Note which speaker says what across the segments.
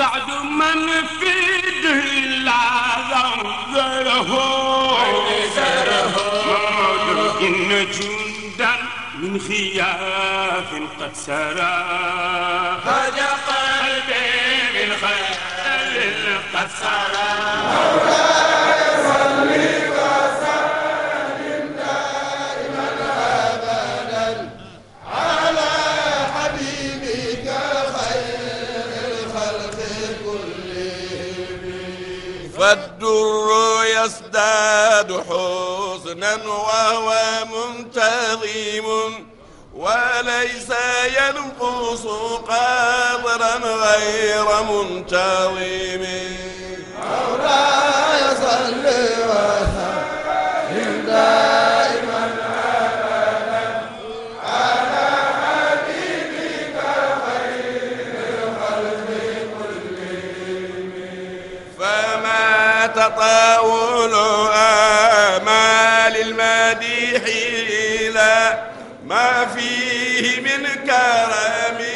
Speaker 1: سعد من في دلا زره إن جندا من خياف قد سرى هد قلبي من خيال قد سرى مولاي صلي الضر يزداد حزنا وهو منتظم وليس ينقص قدرا غير منتظم مولاي
Speaker 2: صل
Speaker 3: وسلم
Speaker 4: تطاول آمال المديح لا ما
Speaker 1: فيه من كرم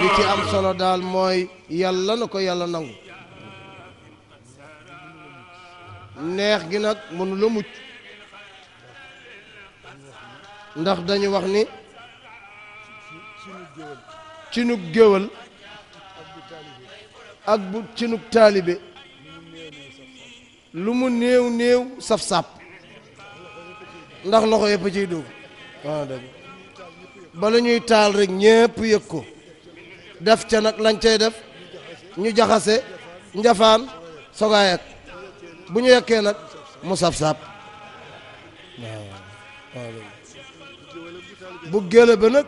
Speaker 1: li ci
Speaker 2: am solo daal mooy yàlla na ko yàlla nangu neex gi nag mënu la ndax dañu wax ni ci nug géwal ak bu ci nug taalibe lu mu néew néew saf-sàpp ndax loxo yëpp ciy dugg waaw bala ñuy taal rek ñépp yëg ko def ca nag lañ cay def ñu jaxase njafaan sogaa yekk bu ñu yekkee nag mu sab-sab bu géwél ba nag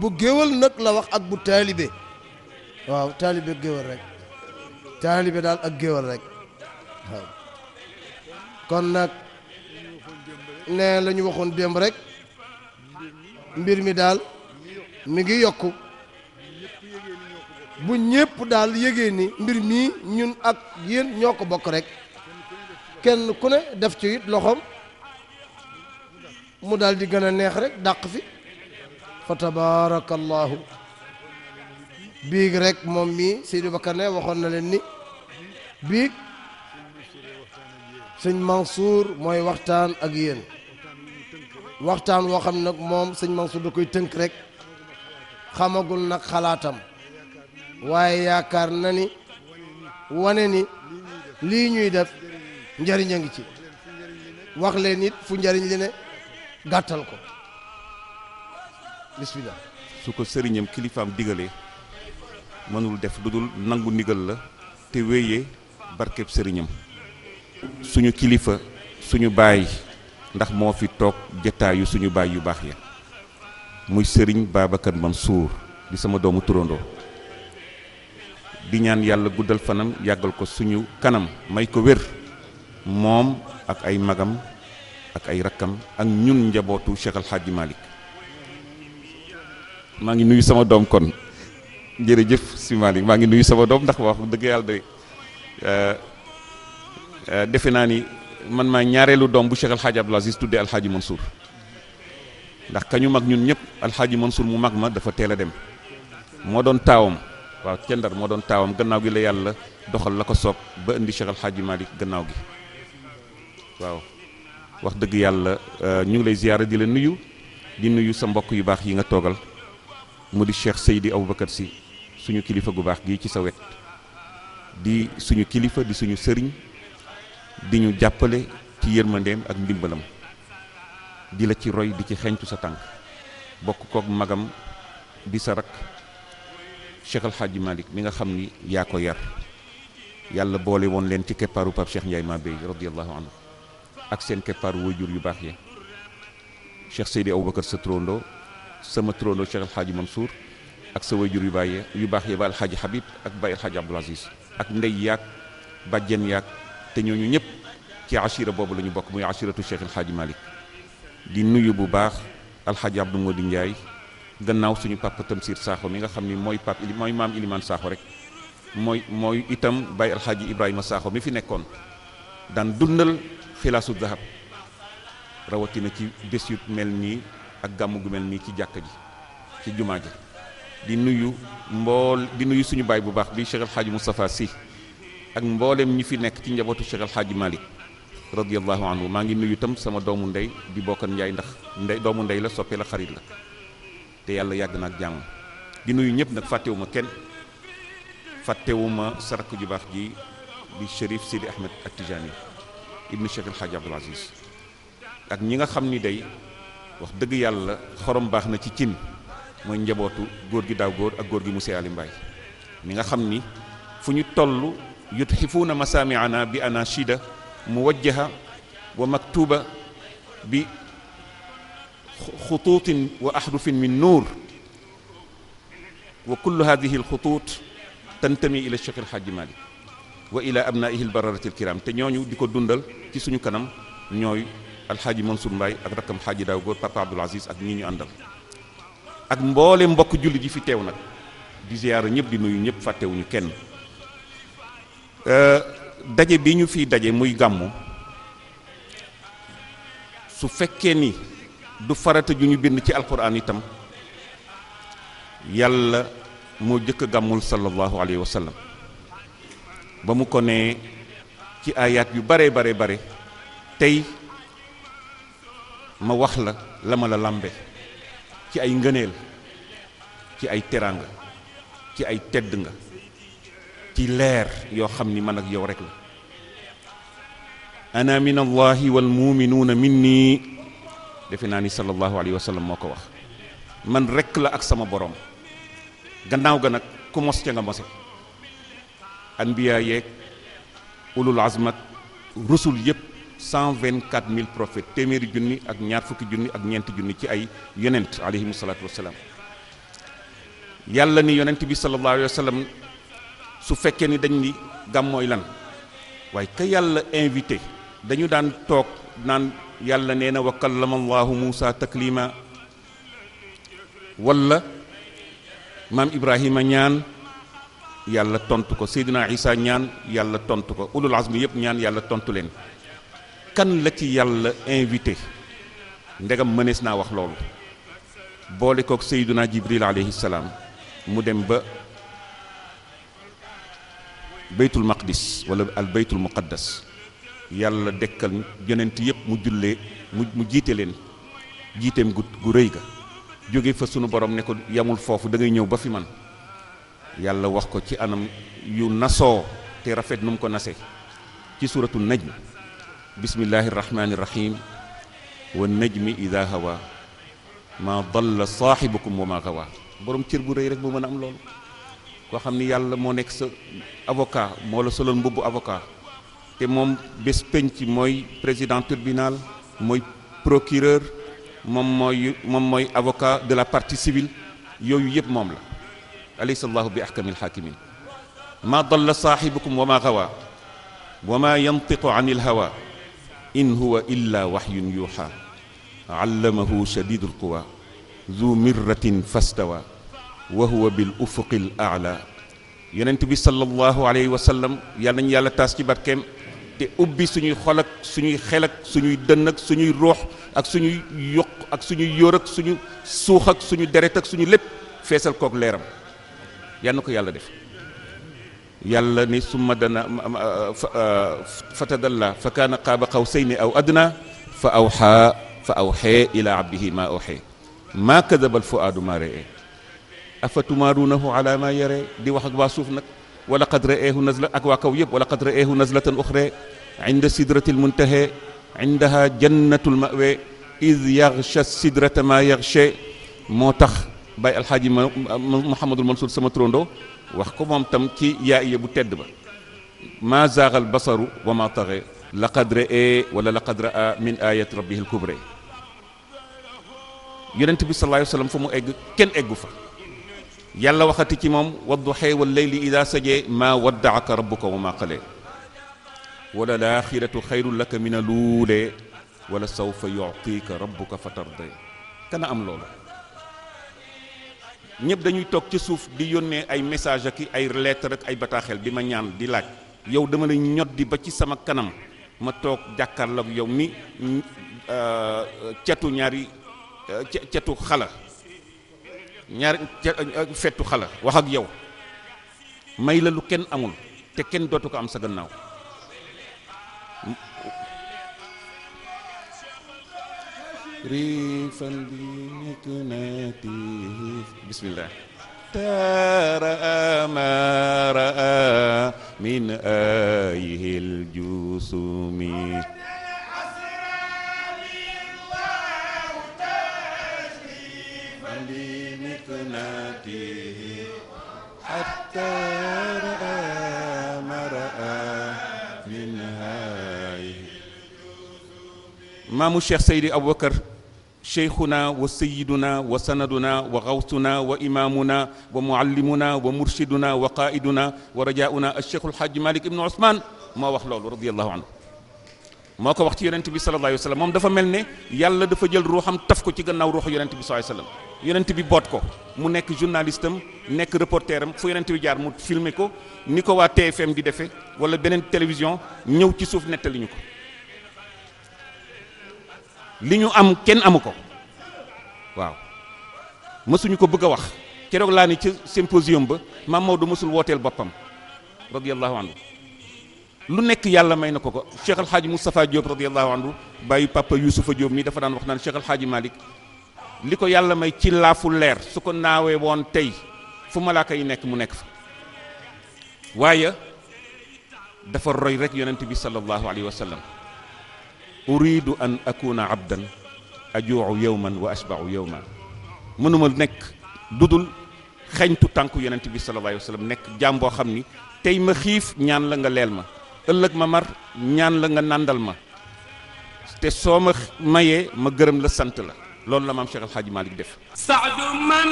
Speaker 2: bu géwél nag la wax ak bu taalibe waaw taalibe géwél rek taalibe daal ak géwél rek waaw kon nag nee la ñu waxoon démb rek mbir mi daal mi ngi yokku bu ñépp daal yëgee ni mbir mii ñun ak yéen ñoo ko bokk rek kenn ku ne def ci loxoom mu daldi gën a neex rek dàq fi fa tabaarakallaahu biig rek moom mii Seydou Bakane waxoon na leen ni biig sëñ Mansour mooy waxtaan ak yéen waxtaan woo xam nag moom sëñ Mansour da koy tënk rek xamagul nag xalaatam waaye yaakaar na ni wane ni lii ñuy def njariñ a ngi ci wax nit fu njariñ li ne gàttal ko bismillah
Speaker 5: su ko sëriñam kilifaam digalee mënul def lu dul nangu ndigal la te wéyee barkeb sëriñam suñu kilifa suñu bàyyi ndax moo fi toog jataayu suñu baay yu baax ya muy sëriñ Babacar Mansour di sama doomu turandoo di ñaan yàlla guddal fanam yàggal ko suñu kanam may ko wér moom ak ay magam ak ay rakkam ak ñun njabootu Cheikh Al Hadji maa ngi nuyu sama doom kon jërëjëf si Malick maa ngi nuyu sama doom ndax wax dëgg yàlla de euh, euh, defe naa ni. man ma ñaareelu doom bu Cheikh El Hadj Abdoul Aziz tuddee Al Hadj Mansour ndax kañu mag ñun ñëpp Al Hadj Mansour mu mag ma dafa teel a dem moo doon taawam waaw ca Ndar moo doon taawam gannaaw gi la yàlla doxal la ko soob ba indi Cheikh El Hadj Malick gannaaw gi waaw wax dëgg yàlla euh, ñu ngi lay ziyaara di la nuyu di nuyu sa mbokk yu baax yi nga toogal mu di Cheikh Seydi Aboubacar si suñu kilifa gu baax gii ci sa wet di suñu kilifa di suñu sëriñ. di ñu jàppale ci yërmandeem ak ndimbalam di la ci roy di ci xeeñtu sa tànk bokk kook magam di sa rak Cheikh El Hadji Malick mi nga xam ni yaa ko yar yàlla boole woon leen ci keppaaru Pape Cheikh Ndiaye Mabéy radiyallahu anhu ak seen keppaaru waajur yu baax ya Cheikh Seydi Aboubacar sa trondo sama trondo Cheikh El Hadji ak sa waajur yu baax yu baax ya ba El Hadji ak ba El Hadji Aziz ak ndey yaag bàjjen yaag te ñooñu ñëpp ci asira boobu la ñu bokk muy asiratu Cheikh El Hadj Malick di nuyu bu baax alxaaji Abdou Ngodi Ndiaye gannaaw suñu papa Tamsir Sakho mi nga xam ni mooy pap mooy maam Ilimane Sakho rek mooy mooy itam bay alxaaji Ibrahima Sakho mi fi nekkoon daan dundal xilaasu zahab rawatina ci bés yu mel nii ak gàmm gu mel nii ci jàkk ji ci jumaa ji di nuyu mbool di nuyu suñu baay bu baax bi Cheikh El Hadj si ak mboolem ñi fi nekk ci njabootu Cheikh El Hadj Malick radiyallahu anhu maa ngi nuyu tam sama doomu ndey di bokkan Ndiaye ndax ndey doomu ndey la soppe la xarit la te yàlla yàgg na ak jàmm di nuyu ñëpp nag fàttewuma kenn fàttewuma sarak ju baax ji di Chérif Sidi Ahmed ak Tijani ibnu Cheikh El Hadj Aziz ak ñi nga xam ni day wax dëgg yàlla xorom baax na ci cin mooy njabootu góor gi daaw góor ak góor gi monsieur Ali Mbaye mi nga xam ni fu ñu toll yutxifuuna masaamiana bi anachida muwajjaha wa maktuba bi xutuutin wa ahrufin min nuur wa kullu hadihi alxutuut tantami ila cheikh alxaaji malik wa ila abnaihi albararati alkiram te ñooñu di ko dundal ci suñu kanam ñooy alxaaji Mansour Mbaye ak rakkam xaaji daaw góor papa Abdoul Aziz ak ñi ñu àndal ak mboole mbokk jullit ji fi teew nag di ziyaara ñëpp di nuyu ñëpp fàttewuñu kenn Euh, daje bi ñu fiy daje muy gàmmu su fekkee ni du farata ju ñu bind ci alquran itam yàlla moo jëkk a gàmmul sallallahu alayhi wa ba mu ko nee ci ayaat yu bare bare bare tey ma wax la la ma la làmbe ci ay ngëneel ci ay teraanga ci ay tëdd nga ci leer yoo xam ni man ak yow rek la ana min allahi wal muminuuna minni defe naa ni sallallahu alayhi wa sallam moo ko wax man rek la ak sama borom gannaaw ga nag ku mos ca nga mose anbiya yeeg ulul azmak rusul yëpp cent vingt quatre mille prophètes téeméeri junni ak ñaar fukki junni ak ñeenti junni ci ay yonent alayhimu salaam yàlla ni yonent bi sallallahu alayhi wa su fekkee ni dañ ni gàmm lan waaye ka yàlla invité dañu daan toog naan yàlla nee na wa kallama allahu muusa taklima walla maam ibrahima ñaan yàlla tontu ko seydina isa ñaan yàlla tontu ko ulul azmi yëpp ñaan yàlla tontu leen kan la ci yàlla invité ndegam mënees naa wax loolu boole kook seydina jibril alayhi salaam mu dem ba baytul maqdis wala al baytul muqaddas yàlla dekkal geneent yëpp mu jullee mu mu jiite leen jiiteem gu gu rëy ga jóge fa sunu borom ne ko yamul foofu da ngay ñëw ba fi man yàlla wax ko ci anam yu nasoo te rafet nu mu ko nase ci suuratu najm bismillahi irrahmani irrahim wa najmi ida hawa ma dalla saaxibukum wa ma gawa borom cër bu rëy rek bu mën a am loolu loo xam ni yàlla moo nekk sa avocat moo la soloon mbubbu avocat te moom bés penc mooy président tribunal mooy procureur moom mooy moom mooy avocat de la partie civile yooyu yëpp moom la alaysa allahu bi ahkamil hakimin ma dalla saaxibukum wa ma gawa wa ma yantiqu an il hawa in huwa illa waxyun yuuxa allamahu shadidul quwa zu mirratin fastawa wa huwa bil ufuqil aala yonent bi sallallahu alayhi wa sallam yàlla nañu yàlla taas ci barkeem te ubbi suñuy xol ak suñuy xel ak suñuy dënn ak suñuy ruux ak suñuy yokk ak suñuy yóor ak suñu suux ak suñu deret ak suñu lépp feesal kook leeram yàlla na ko yàlla def yàlla ni summa dana ah, fatadalla fa kaana qaaba qawsayni aw adna fa awxaa fa awxee ila abdihi maa awxee maa kadaba alfuaadu maa ree afatumaaruunahu ala ma yare di wax ak waa suuf nag wala qad ra'eehu nazla ak waa kaw yëpp wala qad ra'eehu nazlatan uxra inda sidratil muntaha indaha jannatul ma'wa id yaxsha sidrata ma yaxsha moo tax bay alxaaji ma Mouhamadul Mansour sama turando wax ko moom tam ci yaay bu tedd ba maa zaaxal basaru wa maa taxe laqad ra'ee wala laqad ra'a min ayat rabbihil kubra yonent bi sallallahu alayhi wa sallam fa mu egg kenn eggu fa yàlla waxati ci moom wadduxee wal layli ida sajee maa waddaaka rabbuka wa maa qalee wala laaxiratu xayrun laka min aluulee wala sawfa yuctiika rabbuka fa tardee kana am loolu ñëpp dañuy toog ci suuf di yónnee ay message ak ay lettre ak ay bataaxel bi ma ñaan di laaj yow dama la ñoddi ba ci sama kanam ma toog jàkkaarloog yow ni mm, euh, cetu ñaari euh, cetu xala ñaar fettu xala wax ak yow may la lu kenn amul te kenn dootu ko am sa gannaaw riifan bi nekk taara amaara min ayihil juusumi ابنته
Speaker 3: حتى رأى
Speaker 4: ما رأى من
Speaker 5: هاي مام الشيخ سيدي أبو بكر شيخنا وسيدنا وسندنا وغوثنا وإمامنا ومعلمنا ومرشدنا وقائدنا ورجاؤنا الشيخ الحاج مالك ابن عثمان ما وخلول رضي الله عنه moo ko wax ci yonent bi sallallahu alayhi wa sallam moom dafa mel ne yàlla dafa jël ruuxam taf ko ci gannaaw ruuxu yonent bi sallallahu alayhi wa sallam yenent bi boot ko mu nekk journaliste am nekk reporter am fu yonent bi jaar mu filmer ko ni ko waa TFM di defee wala beneen télévision ñëw ci suuf nettaliñu ko li ñu am kenn amu ko waaw mësuñu ko bëgg a wax keroog laa ni ci symposium ba maam Maodo mësul wooteel boppam radiyallahu anhu lu nekk yàlla may na ko ko Cheikh Al Hadj Moustapha Diop radiyallahu anhu bàyyi papa Youssoufa Diop mi dafa daan wax naan Cheikh Al Hadj li ko yàlla may ci laafu leer su ko naawee woon tey fu ma malaaka yi nekk mu nekk fa waaye dafa roy rek yonent bi sallallahu alayhi wa sallam uridu an akuna abdan ajuucu yowman wa asbacu yowman mënuma nekk dudul xeñtu tànku yonent bi sallallahu alayhi wa sallam nekk jaam boo xam ni tey ma xiif ñaan la nga leel ma ëllëg ma mar ñaan la nga nàndal ma te soo ma mayee ma gërëm la sant la loolu la ma Cheikh El Hadj Malick def.
Speaker 1: man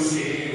Speaker 6: você.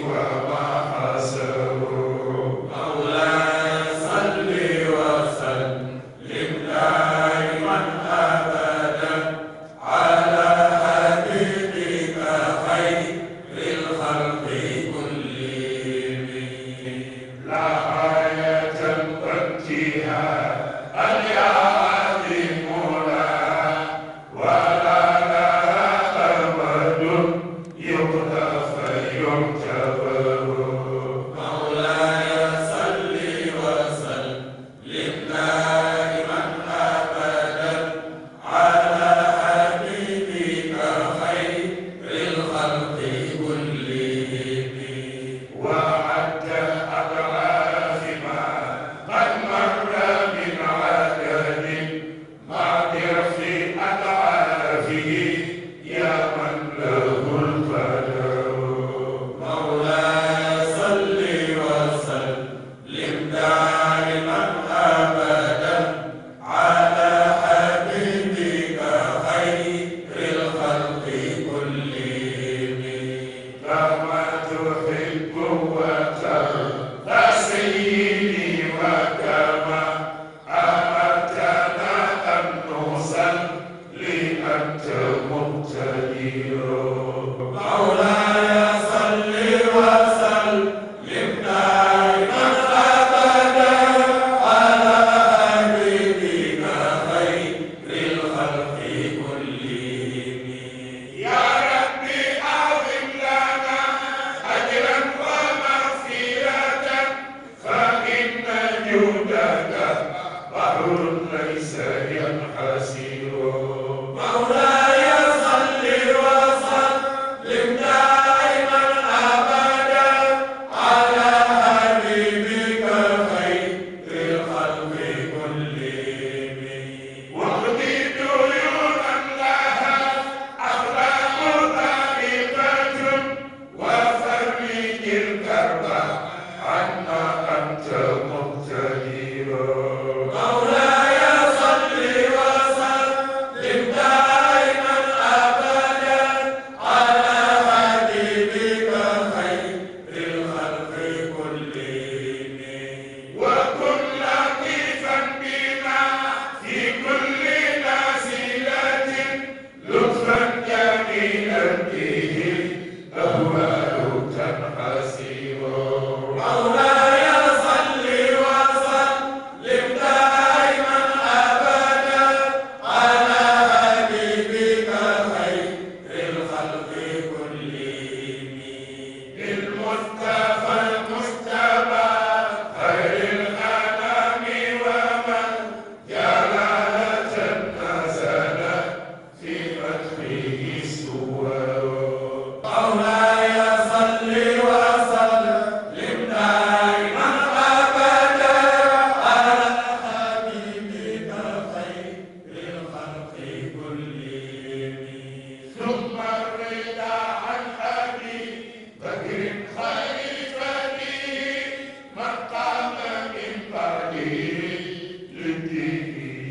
Speaker 6: السائر الحاسين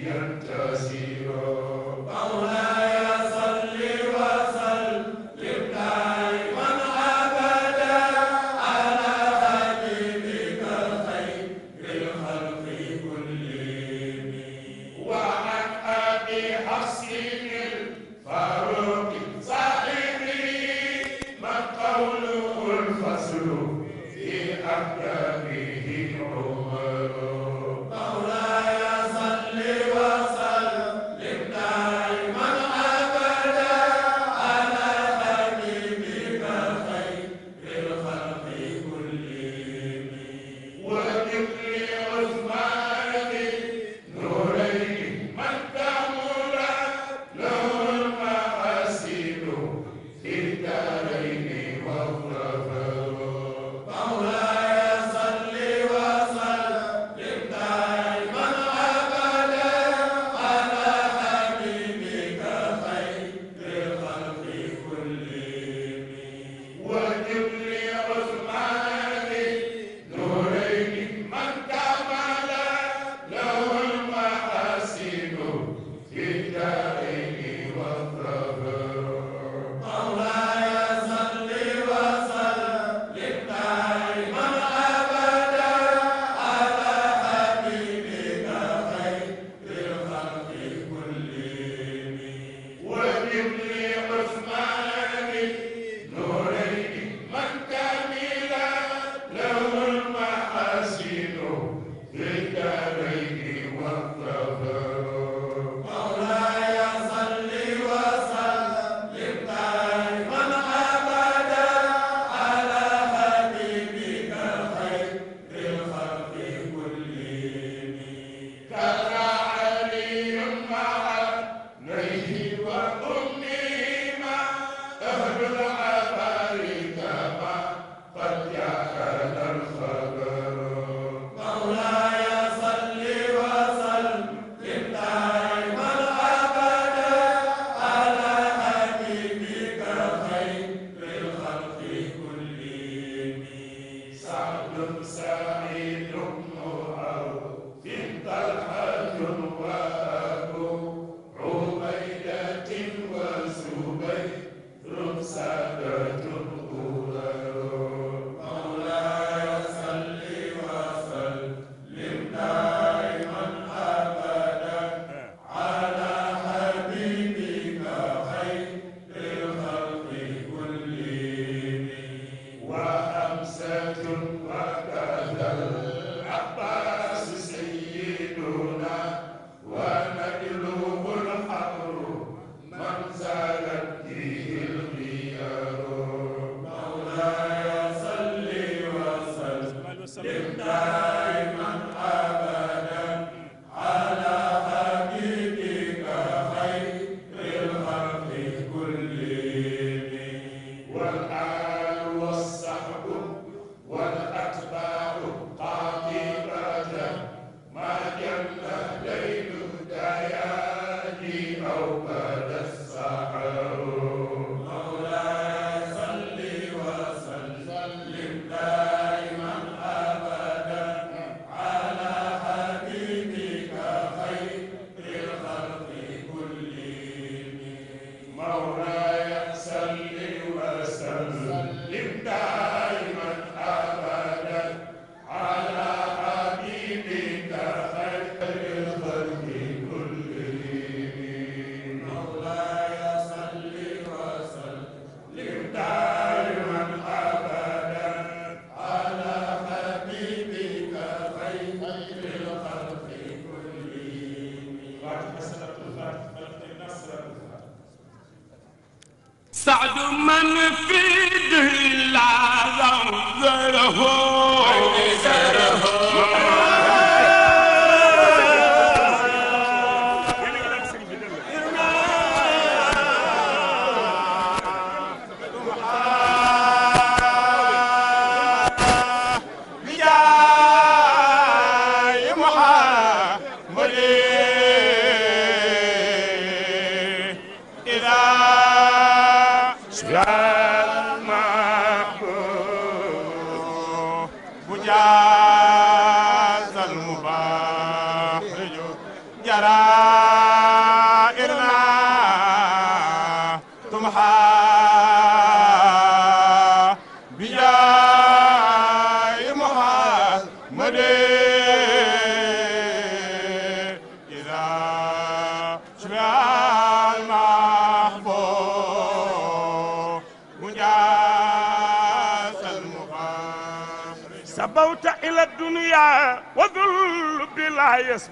Speaker 4: أنت سواك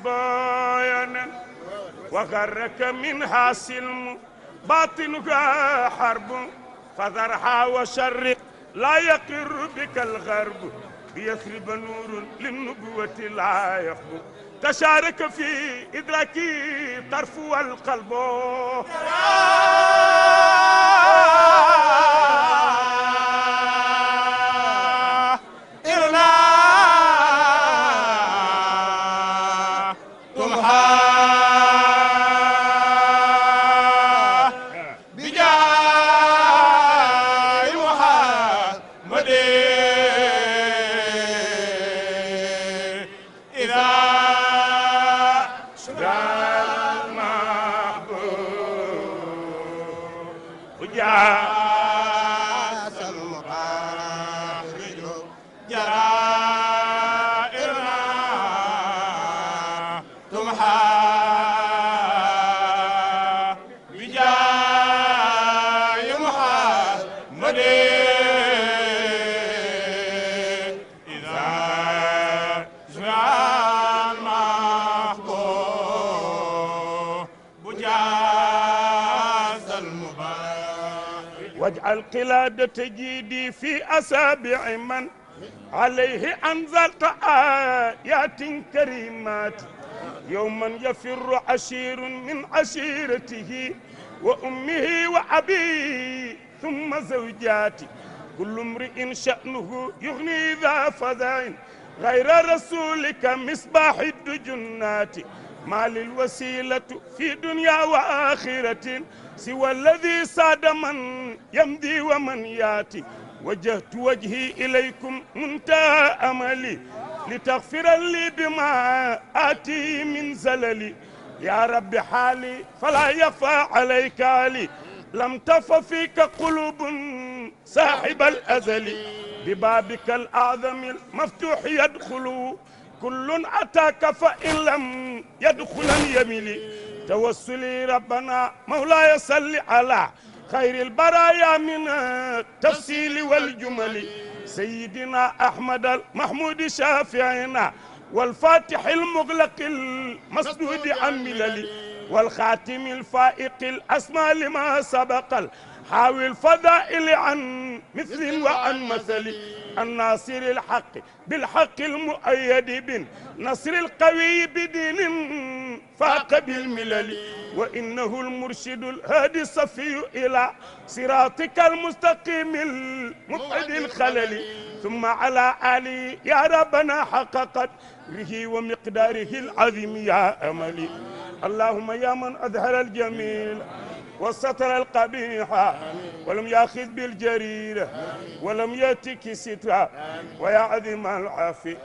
Speaker 1: باينا وغرك منها سلم باطنك حرب فذرها وشرق لا يقر بك الغرب بيثرب نور للنبوة لا يخبو تشارك في إدراكي طرف والقلب قلادة جيدي في أسابع من عليه أنزلت آيات كريمات يوما يفر عشير من عشيرته وأمه وأبيه ثم زوجاته كل امرئ شأنه يغني ذا فزاين غير رسولك مصباح الدجنات ما للوسيلة في دنيا وآخرة سوى الذي ساد من يمضي ومن ياتي وجهت وجهي إليكم منتهى أملي لتغفر لي بما آتي من زللي يا رب حالي فلا يخفى عليك لي لم تف فيك قلوب صاحب الأزل ببابك الأعظم المفتوح يدخل كل أتاك فإن لم يدخل يملي توسلي ربنا مولاي صل على خير البرايا من التفصيل والجمل سيدنا أحمد المحمود شافعنا والفاتح المغلق المسدود عن ملل والخاتم الفائق الأسمى لما سبق حاوي الفضائل عن مثل وعن مثل الناصر الحق بالحق المؤيد بالنصر القوي بدين فاق بالملل وإنه المرشد الهادي الصفي إلى صراطك المستقيم المبعد الخلل ثم على آله يا ربنا حققت به ومقداره العظيم يا أملي اللهم يا من أظهر الجميل وستر القبيح ولم ياخذ بالجريرة ولم يأتك سترة ويا عظيم العافية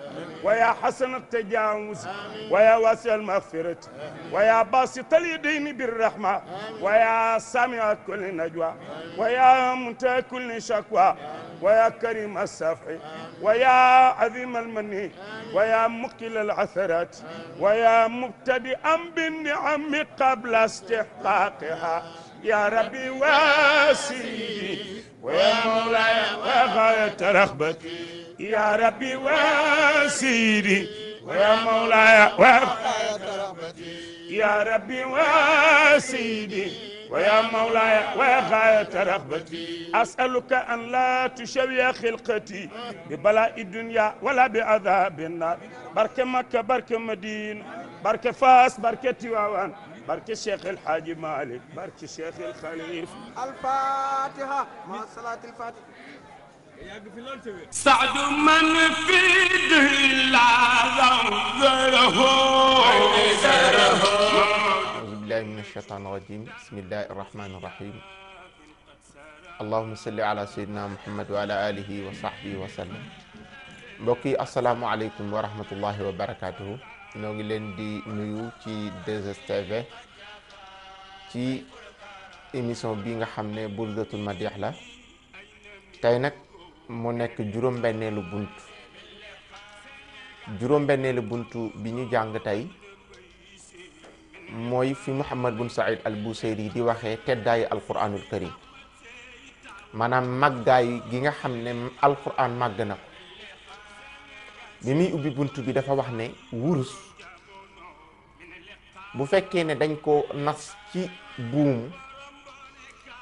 Speaker 1: ويا حسن التجاوز ويا واسع المغفرة ويا باسط اليدين بالرحمة ويا سامع كل نجوى ويا منتهى كل شكوى ويا كريم السفح ويا عظيم المن ويا مقل العثرات ويا مبتدئا بالنعم قبل استحقاقها يا ربي واسيدي ويا مولاي وغاية رغبتي يا ربي واسيدي ويا مولاي وغاية رغبتي يا ربي واسيدي ويا مولاي وغاية رغبتي أسألك أن لا تشوي خلقتي ببلاء الدنيا ولا بعذاب النار بركة مكة بركة مدينة بركة فاس بركة تواوان barke Cheikh El Hadji Malick barke Cheikh El Khalif al-Fatiha
Speaker 4: ma salaatil Fatiha
Speaker 1: سعد من في العالم زره زره
Speaker 7: أعوذ بالله من الشيطان الرجيم بسم الله الرحمن الرحيم اللهم صل على سيدنا محمد وعلى آله وصحبه وسلم mbokk yi asalaamaaleykum wa rahmatullahi wa barakaatuhu ñoo ngi leen di nuyu ci 2STV ci émission bi nga xam ne burdatul madih la tey nag mu nekk juróom-benneelu bunt juróom-benneelu buntu bi ñu jàng tey mooy fi Muhammad bun Saïd al Buseyri di waxee teddaayu alquranul karim maanaam màggaay gi nga xam ne alquran màgg na ko bi muy ubbi bunt bi dafa wax ne wurus bu fekkee ne dañ koo nas ci buumu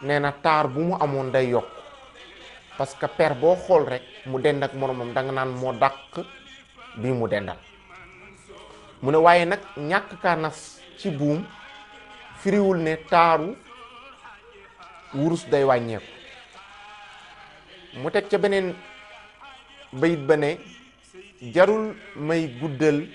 Speaker 7: nee na taar bu mu amoon day yokk parce que per boo xool rekk mu dend ak moromam danga naan moo dàq bi mu dendal mu ne waaye nag ñàkk kaa nas ci buum firiwul ne taaru wurus day wàññeeku mu teg ca beneen bayit ba ne jarul may guddal